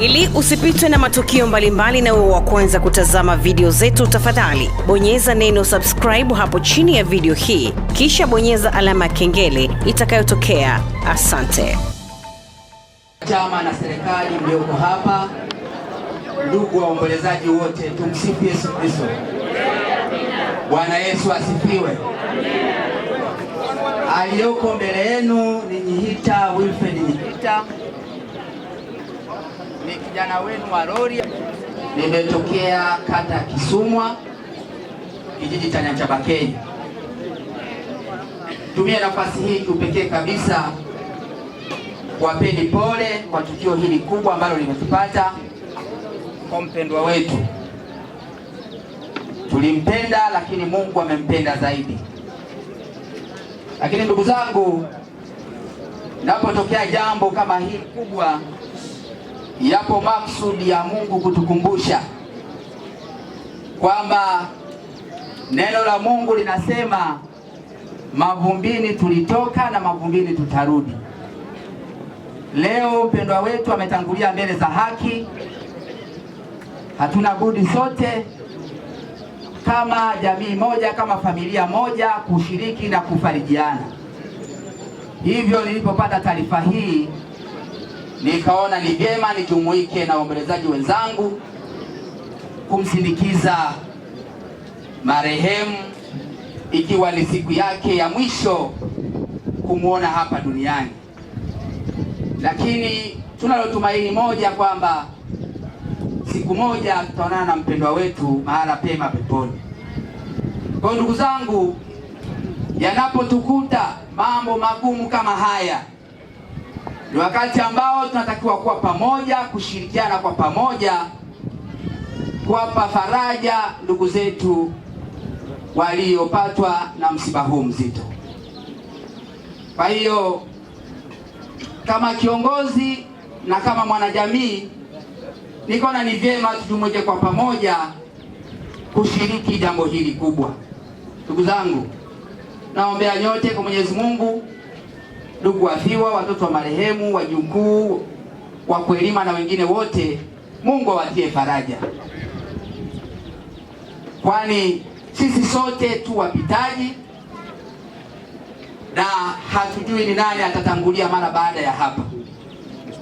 Ili usipitwe na matukio mbalimbali na uwe wa kwanza kutazama video zetu, tafadhali bonyeza neno subscribe hapo chini ya video hii, kisha bonyeza alama ya kengele itakayotokea. Asante. Chama na serikali mlioko hapa, ndugu waombolezaji wote, tumsifu Yesu Kristo. Bwana Yesu asifiwe. Aliyoko mbele yenu ni Nyihita Wilfred Nyihita ni kijana wenu wa Rorya. Nimetokea kata ya Kisumwa, kijiji cha Nyanchabakeni. Tumia nafasi hii kiupekee kabisa kuwapeni pole kwa tukio hili kubwa ambalo limetupata kwa mpendwa wetu. Tulimpenda, lakini Mungu amempenda zaidi. Lakini ndugu zangu, napotokea jambo kama hili kubwa yapo maksudi ya Mungu kutukumbusha kwamba neno la Mungu linasema mavumbini tulitoka na mavumbini tutarudi. Leo mpendwa wetu ametangulia mbele za haki, hatuna budi sote kama jamii moja, kama familia moja kushiriki na kufarijiana. Hivyo nilipopata taarifa hii nikaona ni vyema nijumuike na waombolezaji wenzangu kumsindikiza marehemu, ikiwa ni siku yake ya mwisho kumwona hapa duniani, lakini tunalotumaini moja kwamba siku moja tutaonana na mpendwa wetu mahala pema peponi. Kwa ndugu zangu, yanapotukuta mambo magumu kama haya ni wakati ambao tunatakiwa kuwa pamoja, kushirikiana kwa pamoja, kuwapa faraja ndugu zetu waliopatwa na msiba huu mzito. Kwa hiyo kama kiongozi na kama mwanajamii, nikaona ni vyema tujumuike kwa pamoja kushiriki jambo hili kubwa. Ndugu zangu, naombea nyote kwa Mwenyezi Mungu ndugu wafiwa, watoto wa marehemu, wajukuu, kuelima na wengine wote, Mungu awatie faraja, kwani sisi sote tu wapitaji na hatujui ni nani atatangulia mara baada ya hapa.